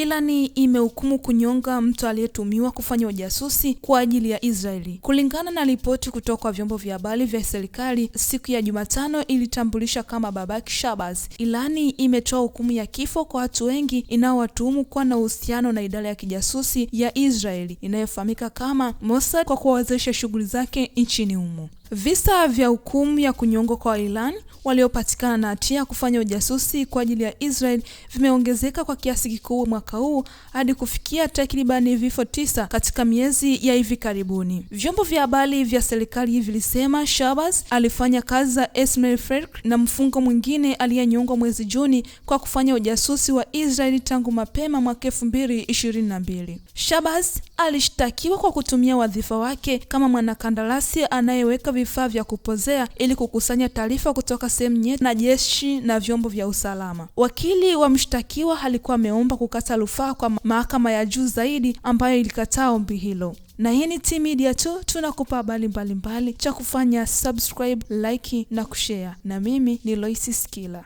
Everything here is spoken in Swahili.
Irani imehukumu kunyonga mtu aliyetumiwa kufanya ujasusi kwa ajili ya Israeli. Kulingana na ripoti kutoka kwa vyombo vya habari vya serikali siku ya Jumatano ilitambulisha kama Babak Shabas, Irani imetoa hukumu ya kifo kwa watu wengi inaowatuhumu kuwa na uhusiano na idara ya kijasusi ya Israeli inayofahamika kama Mossad kwa kuwawezesha shughuli zake nchini humo. Visa vya hukumu ya kunyongwa kwa Iran waliopatikana na hatia ya kufanya ujasusi kwa ajili ya Israel vimeongezeka kwa kiasi kikubwa mwaka huu hadi kufikia takribani vifo tisa katika miezi ya hivi karibuni. Vyombo vya habari vya serikali vilisema Shabaz alifanya kazi za Esmail Frek na mfungo mwingine aliyenyongwa mwezi Juni kwa kufanya ujasusi wa Israel tangu mapema mwaka mbili Shabaz alishtakiwa kwa kutumia wadhifa wake kama mwanakandarasi anayeweka vifaa vya kupozea ili kukusanya taarifa kutoka sehemu nyeti na jeshi na vyombo vya usalama. Wakili wa mshtakiwa alikuwa ameomba kukata rufaa kwa mahakama ya juu zaidi, ambayo ilikataa ombi hilo. Na hii ni Media tu, tunakupa habari mbalimbali. Cha kufanya subscribe, like na kushare, na mimi ni Loisi Skila.